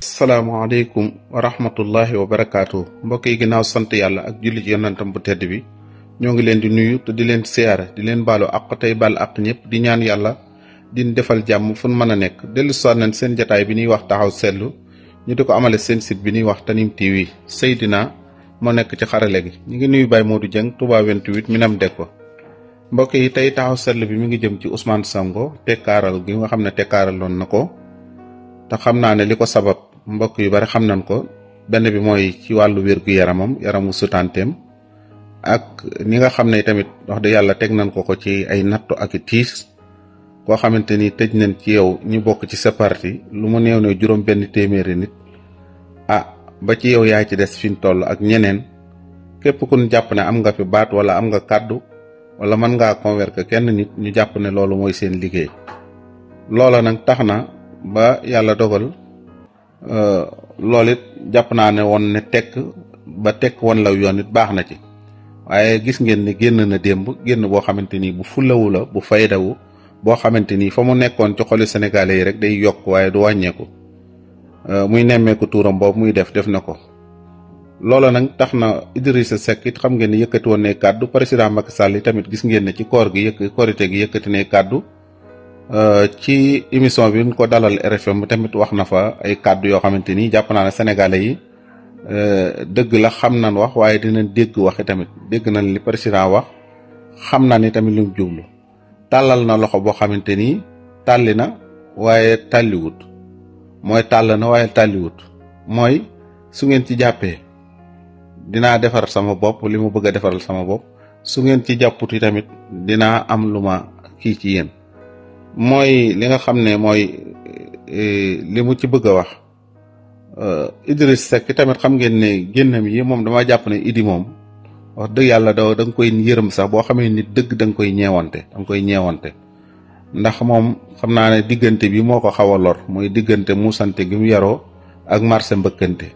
salaamaaleykum wa rahmatullahi wa barakaatu mbokk yi ginnaaw sant yàlla ak julli ci nantam bu tedd bi ñoo ngi leen di nuyu te di leen siyaare di leen baalo ak tey baal àq ñëpp di ñaan yàlla din defal jàmm fu nu mën a nekk dellu si nañ seen jataay bi ñuy wax taxaw seetlu ñu di ko amale seen sit bi ñuy wax yi TV Seydina moo nekk ci xarale gi ñu ngi nuyu moo Baye Modou Dieng Touba 28 Minam Deko mbokk yi tey taxaw seetlu bi mi ngi jëm ci Ousmane Sonko tekkaaral gi nga xam ne tekkaaraloon na ko te xam naa ne li ko sabab. mbokk yu bari xam nañ ko benn bi mooy ci wàllu wér-gu-yaramam yaramu sutanteem ak ni nga xam ne tamit wax da yàlla teg nañ ko ko ci ay nattu ak i tiis koo xamante ni tëj nañ ci yow ñu bokk ci sa parti lu mu néew ne juróom benn téeméeri nit a ah, ba ci yow yaa ci des fi mu toll ak ñeneen képp kun jàpp na am nga fi baat wala am nga kàddu wala mën nga convaincre kenn nit ñu jàpp ne loolu mooy seen liggéey loola nag tax na ba yàlla dogal Euh, lool it jàpp naa ne woon ne tekk ba tekk woon la yoon it baax na ci waaye gis ngeen ni génn na démb génn boo xamante ni bu fulawu la bu faydawu boo xamante ni fa mu nekkoon ci xolu sénégalais yi rek day yokk waaye du wàññeeku euh, muy nemmeeku tuuram boobu muy def def na ko. loola nag tax na Idrissa Seck it xam ngeen ne yëkkati woon ne kàddu président Macky Sall yi tamit gis ngeen ne ci koor gi yëkk korite gi yëkkati ne kàddu. Euh, ci émission bi ñu ko dalal RFM tamit wax na fa ay kàddu yoo xamante nii jàpp naa ne sénégalais yi euh, dëgg la xam nan wax waaye dinañ dégg waxi tamit dégg nañ li président wax xam naa ni tamit lu mu jublu tàllal na loxo boo xamante ni tàlli na waaye tàlliwut mooy tàll na waaye tàlliwut mooy su ngeen ci jàppee dinaa defar sama bopp li mu bëgg a defaral sama bopp su ngeen ci jàpput yi tamit dinaa am lu kii ci yéen mooy li nga xam ne mooy eh, li mu ci bëgg a wax eh, Idriss Seck tamit xam ngeen ne génnam yi moom dama jàpp ne Idi moom wax dëgg yàlla da danga koy yërëm sax boo xamee nit dëgg da nga koy ñeewante da koy ñeewante ndax moom xam naa ne diggante bi moo ko xaw a lor mooy diggante muusante gi mu yaroo ak marché mbëkkante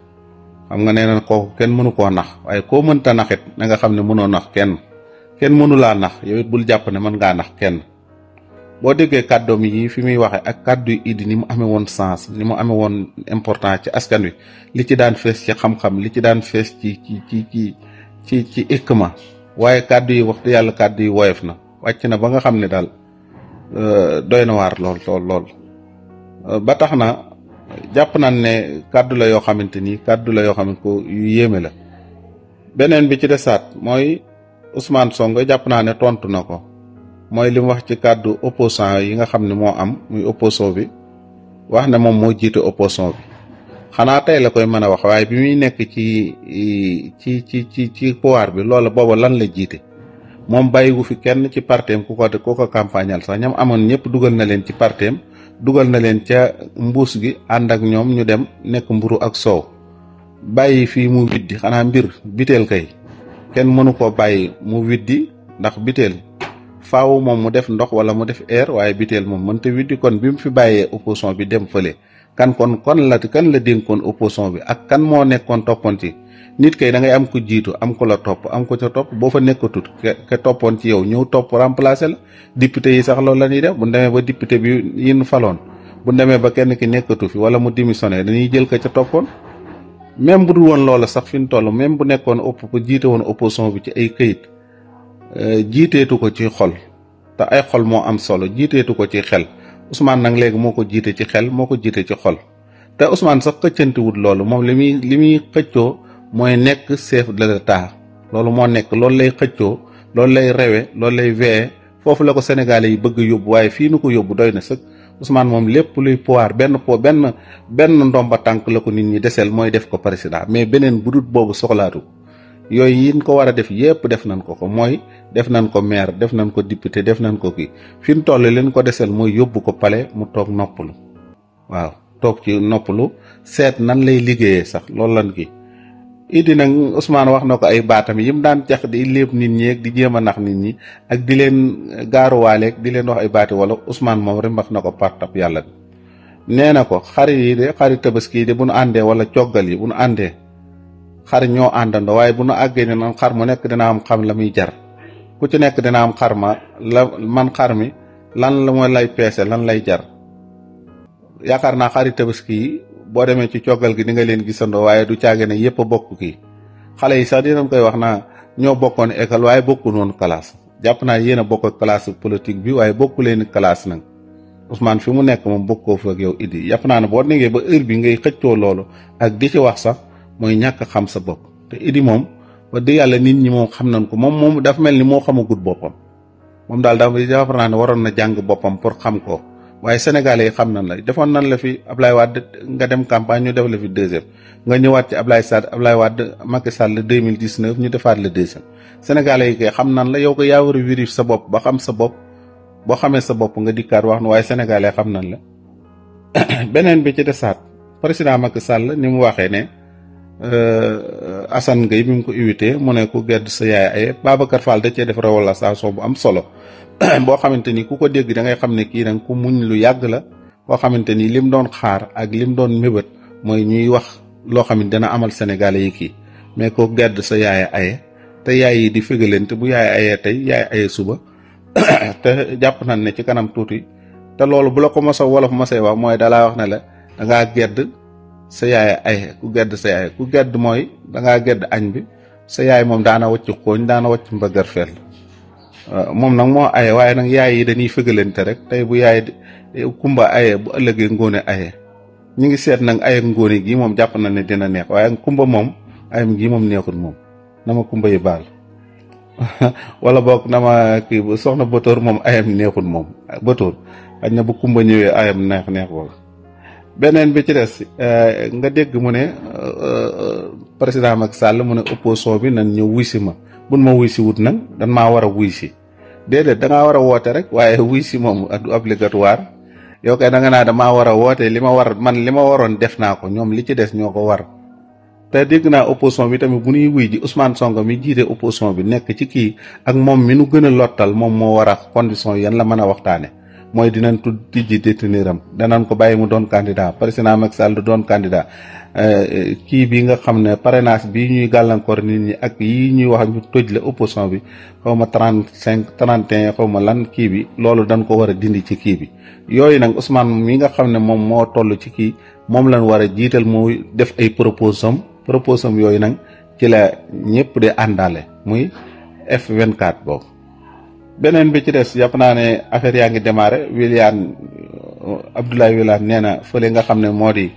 xam nga nee na kooku kenn mënu koo nax waaye koo mën mënta naxit na nga xam ne mënoo nax kenn kenn mënu laa nax yow it bul jàpp ne mën ngaa nax kenn boo déggee kàddoom yi fi muy waxee ak kàddu yi Idi ni mu amee woon sens ni mu amee woon important ci askan wi li ci daan fees ci xam-xam li ci daan fees ci ci ci ci ci ci waaye kàddu yi wax yàlla kàddu yi woyof na wàcc na ba nga xam ne daal euh, doy na waar lool lool lool. Euh, ba tax na jàpp nañ ne kàddu la yoo xamante ni kàddu la yoo xam ko yu yéeme la beneen bi ci desaat mooy Ousmane Sonko jàpp naa ne tontu na ko. mooy li wax ci kàddu opposant yi nga xam ne moo am muy opposant bi wax ne moom moo jiite opposant bi xanaa tey la koy mën a wax waaye bi muy nekk ci ci ci ci ci pouvoir bi loola booba lan la jiite moom bàyyiwu fi kenn ci partem ku ko ku sax ñoom amoon ñëpp dugal na leen ci partem dugal na leen ca mbuus gi ànd ak ñoom ñu dem nekk mburu ak soow bàyyi fii mu widdi xanaa mbir biteel kay kenn mënu koo bàyyi mu widdi ndax biteel faaw moom mu def ndox wala mu def air waaye biteel moom mënta widdi kon bi mu fi bàyyee opposition bi dem fële kan kon kon la kan la dénkoon opposition bi ak kan moo nekkoon toppoon ci nit kay da am ko jiitu am ko la topp am ko ca topp boo fa nekkatut ke toppoon ci yow ñëw topp remplacer la député yi sax loolu la ñuy def bu demee ba député bi yi faloon bu demee ba kenn ki nekkatu fi wala mu démissionné dañuy jël ko ca toppoon même bu dul woon loola sax fi mu toll même bu nekkoon opp ko jiite woon opposition bi ci ay këyit Euh, jiiteetu ko ci xol te ay xol moo am solo jiiteetu ko ci xel Ousmane nag léegi moo ko jiite ci xel moo ko jiite ci xol te Ousmane sax xëccantiwut loolu moom li muy li muy xëccoo mooy nekk chef la l'État loolu moo nekk loolu lay xëccoo loolu lay rewe loolu lay veye foofu la ko sénégalais yi bëgg yóbbu waaye fii nu ko yóbbu doy na sëkk Ousmane moom lépp luy pouvoir benn po benn benn ndomba tànk la ko nit ñi deseel mooy def ko président mais beneen budut boobu soxlaatu yooyu yin ko war a def yépp def nañ ko ko mooy def nañ ko maire def nañ ko député def nañ ko kii fi mu toll leen ko deseel mooy yóbbu ko pale mu toog noppalu waaw toog ci noppalu seet nan lay liggéeyee sax loolu lan ki Idi nag usmaan wax na ko ay baatam yi daan jax di léeb nit ñi ak di jéem a nax nit ñi ak di leen gaaruwaaleeg di leen wax ay baati wala Ousmane moom rek wax na ko partab yàlla bi nee na ko xar yi de xari tabaski yi de bu nu àndee wala coggal yi bu nu àndee xar ñoo àndandoo waaye nu àggee ne nag xar mu nekk dina am xam la muy jar ku ci nekk dina am xarma la man xar mi lan la mooy lay peese lan lay jar yaakaar naa xari tabaski kii boo demee ci coggal gi di nga leen gisandoo waaye du caage ne yëpp a bokk kii xale yi sax dinañ koy wax naa ñoo bokkoon école waaye bokkul woon classe jàpp naa yéen a bokk classe politique bi waaye bokku leen kalaas nag Ousmane fi mu nekk moom bokkoo fa ak yow Idi jàpp naa ne boo nekkee ba heure bi ngay xëccoo loolu ak di ci wax sax mooy ñàkk xam sa bopp te Idi moom wax dëgg yàlla nit ñi moom xam nañ ko moom moom dafa mel ni moo xamagut boppam moom daal dafa naa ne waroon na jàng boppam pour xam ko waaye sénégalais yi xam nañ la defoon nan la fi ab Ablaye Wade nga dem campagne ñu def la fi deuxième nga ñëwaat ci ab Ablaye Sall Ablaye Wade Macky Sall 2019 ñu defaat la deuxième sénégalais yi kay xam nan la yow ko yaa war a sa bopp ba xam sa bopp boo xamee sa bopp nga dikkaat wax na waaye sénégalais xam nañ la beneen bi ci desaat président Macky Sall ni mu waxee ne Euh, Assane Gueye bi mu ko invité mu ne ko gedd sa yaay aye Babacar Fall da cee def révélation bu am solo boo xamante ni ku ko dégg da ngay xam ne kii nag ku muñ lu yàgg la boo xamante ni lim doon xaar ak lim doon mébét mooy ñuy wax loo xam ne dana amal Sénégalais yi kii mais ko gedd sa yaay aye te yaay yi di fégalante bu yaay aye tey yaay aye suba te jàpp nañ ne ci kanam tuuti te loolu bu la ko mos a wolof mosee wax mooy dalaa wax na la dangaa gedd sa yaay ay ku gedd sa yaay ku gedd mooy dangaa gedd añ bi sa yaay moom daana wacc xooñ daana wacc mbëggar fell moom nag moo aye waaye nag yaay yi dañuy fëgalante rek tey bu yaay kumba aye bu ëllëgee ngóone aye ñu ngi seet nag aye ngóone gii moom jàpp na ne dina neex waaye kumba moom ayam gi moom neexul moom na ma kumba yi baal walla boog na ma kii soxna bëtóor moom ayam neexul moom bëtóor xañ na bu kumba ñëwee ayam neex neex wala beneen bi ci des eh, nga dégg mu ne eh, eh, président Macky Sall mu ne opposition bi nañ ñëw wuy si ma buñ ma wuy si wut nag dan maa war a wuy si déedéet da ngaa war a woote rek waaye wuy si moom du obligatoire yow kay da nga naa damaa war a woote li ma war man li ma waroon def naa ko ñoom li ci des ñoo ko war te dégg naa opposition bi tamit bu ñuy wuy ji Ousmane Sonko mi jiite opposition bi nekk ci kii ak moom mi nu gën a lottal moom moo war a condition yan la mën a waxtaane mooy dinañ tudd tijji détenir am danañ ko bàyyi mu doon candidat président na Sall du doon candidat euh, euh, kii bi nga xam ne parrainage bi ñuy gàllankoor nit ñi ak yi ñuy wax ñu toj la opposition bi xaw ma trente cinq trente et un xaw ma lan kii bi loolu dañ ko war a dindi ci kii bi yooyu nag Ousmane mi nga xam ne moom moo toll ci kii moom lañ war a jiital muy def ay proposition proposom yooyu nag ci la ñëpp de àndaale muy F24 boobu beneen bi ci des yàpp naa ne affaire yaa ngi démarré William Abdoulaye Wilane nee na fële nga xam ne moo di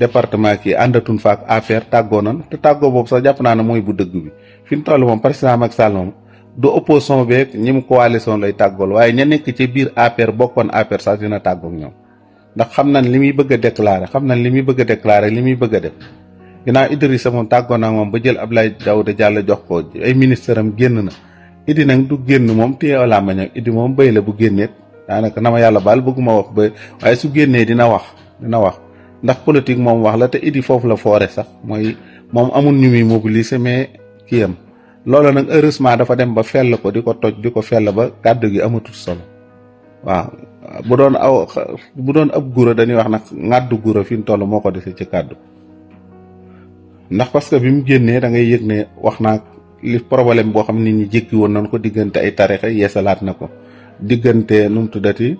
département kii àndatun faak affaire tàggoo nan te tàggoo boobu sax jàpp naa ne mooy bu dëgg bi fi mu toll moom président Macky Sall moom du opposition beeg ñi mu coalition lay tàggool waaye ña nekk ci biir APR bokkoon APR sax dina tàggoog ñoom ndax xam nañ li muy bëgg a déclaré xam nañ li muy bëgg a déclaré li muy bëgg a def dinaa Idrissa moom tàggoo na moom ba jël Abdoulaye Daouda Diallo jox ko ay ministre am génn na idi nag du génn moom téye làmbañ ak idi moom bay la bu génneet daanaka na ma yàlla baal bëgguma wax ba waaye su génnee dina wax dina wax ndax politique moom wax la te idi foofu la foore sax mooy moom amul ñu muy mobiliser mais kii am loolu nag heureusement dafa dem ba fel ko di ko toj di ko fell ba kàddu gi amatul solo waaw bu doon aw doon ab gura dañuy wax nag ngàddu gura fi mu toll moo ko dese ci kàddu ndax parce bi mu génnee da yëg ne wax naa li problème boo xam nit ñi jékki woon nañ ko diggante ay tarixa yeesalaat na ko diggante nu mu tuddati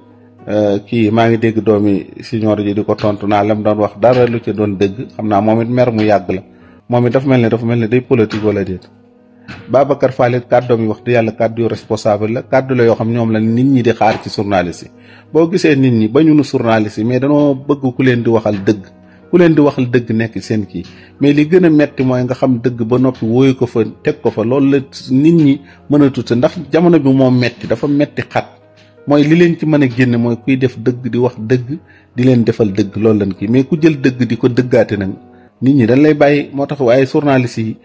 euh, kii maa ngi dégg doomi siñoor ji di ko tontu naa la lam doon wax dara lu ca doon dëgg xam naa moom it mer mu yàgg la moom it dafa mel ne dafa mel ne day politique wala déet Babacar Fall kàddoom yi wax dëgg yàlla kàddu yu responsable la kàddu la yoo xam ñoom la nit ñi di xaar ci journaliste yi boo gisee nit ñi bañu nu journaliste si mais danoo bëgg ku leen di waxal dëgg ku leen di waxal dëgg nekk seen kii mais li gën a metti mooy nga xam dëgg ba noppi wóoyu ko fa teg ko fa loolu la nit ñi mën a ndax jamono bi moo metti dafa metti xat mooy li leen ci mën a génne mooy kuy def dëgg di wax dëgg di leen defal dëgg loolu lañ kii mais ku jël dëgg di ko dëggaate nag nit ñi dañ lay bàyyi moo tax waaye journaliste yi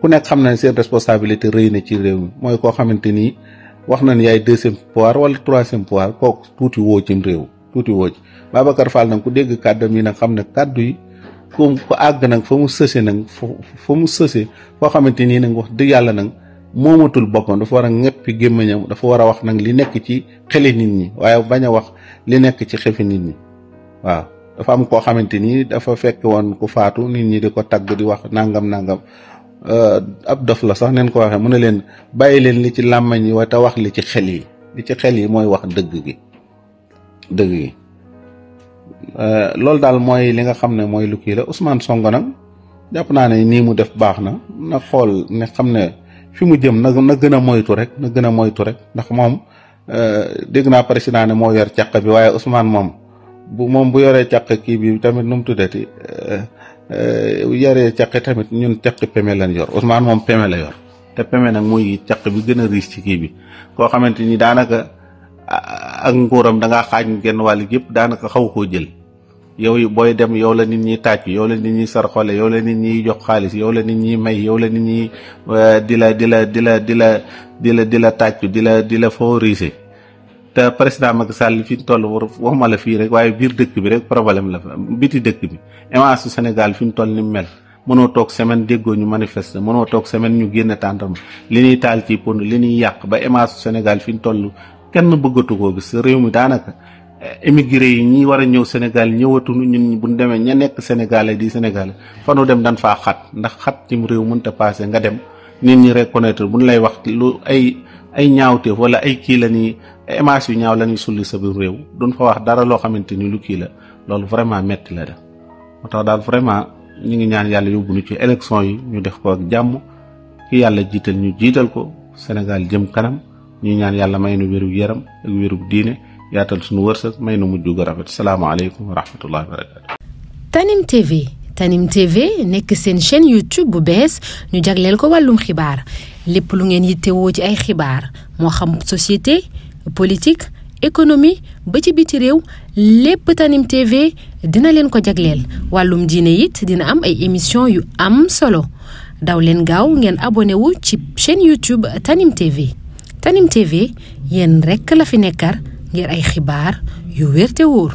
ku nekk xam na ne seen responsabilité rëy na ci réew mi mooy koo xamante ni wax na ne yaay deuxième pouvoir wala troisième pouvoir kooku tuuti woo cim réew tuuti woo ci Babacar nag ku dégg kàddu yi nag xam ne kàddu yi ku ko àgg nag fa mu sëse nag fa mu sëse foo xamante nii nag wax dëgg yàlla nag moomatul bokkoon dafa war a ñeppi gémmiñam dafa war a wax nag li nekk ci xeli nit ñi waaye bañ a wax li nekk ci xefi nit ñi waaw dafa am koo xamante ni dafa fekk woon ku faatu nit ñi di ko tagg di wax nangam nangam ab dof la sax neen ko waxee mu ne leen bàyyi leen li ci làmmañ yi wa te wax li ci xel yi li ci xel yi mooy wax dëgg gi dëgg gi euh, loolu daal mooy li nga xam ne mooy lu kii la Ousmane Sonko nag jàpp naa ne nii mu def baax na na xool ne xam ne fi mu jëm na na gën a moytu rek na gën a moytu rek ndax moom euh, dégg naa naa ne moo yor caq bi waaye Ousmane moom bu moom bu yoree caq kii bi tamit nu mu tuddati euh, yoree caq tamit ñun càq peme yor Ousmane moom peme la yor te peme nag muy caq bi gën a riis ci kii bi koo xamante ni daanaka ak nguuram danga ngaa xaaj genn wàll yëpp daanaka xaw koo jël yow booy dem yow la nit ñi tàcc yow la nit ñi sarxole yow la nit ñi jox xaalis yow nit ñi may yow la nit ñi euh, di la di la di la di la di la di la tàcc di la di la favoriser te président Macky Sall fi toll war waxuma la fii rek waaye biir dëkk bi rek problème la fa biti dëkk bi image su Sénégal fi mu toll ni mel mënoo toog semaine déggoo ñu manifester mënoo toog semaine ñu génn tàntam li ñuy taal ci pon li ñuy yàq ba image su fi mu toll kenn bëggatu koo gis réew mi daanaka eh, émigré yi ñi war a ñëw Sénégal ñëwatuñu ñun bu ñu demee ña nekk sénégalais di sénégalais fanu dem dañ faa xat ndax xat ci réew mënta paase nga dem nit ñi reconnaître bu ñu lay wax lu ay ay ñaawteef wala ay kii la ni émage yu ñaaw la ñuy sulli sa biir réew duñ fa wax dara loo xamante ni lu kii la loolu vraiment metti la def moo tax daal vraiment ñu ngi ñaan yàlla yóbbu ñu ci élection yi ñu def ko ak jàmm ki yàlla jiital ñu jiital ko Sénégal jëm kanam ñuy ñaan yàlla may nu wérug yaram ak wérug diine yaatal sunu wërsëg may salaamaaleykum wa rahmatullahi wa TV nekk seen chaîne YouTube bu bees ñu jagleel ko wàllum xibaar lépp lu ngeen yittewoo ci ay xibaar moo xam société politique économie ba ci biti réew lépp Tanim TV dina leen ko jagleel wàllum diine it dina am ay émission yu am solo daw leen gaaw ngeen abonné wu ci chaîne YouTube Tanim TV Tanim TV yéen rekk la fi nekkar ngir ay xibaar yu weer te wóor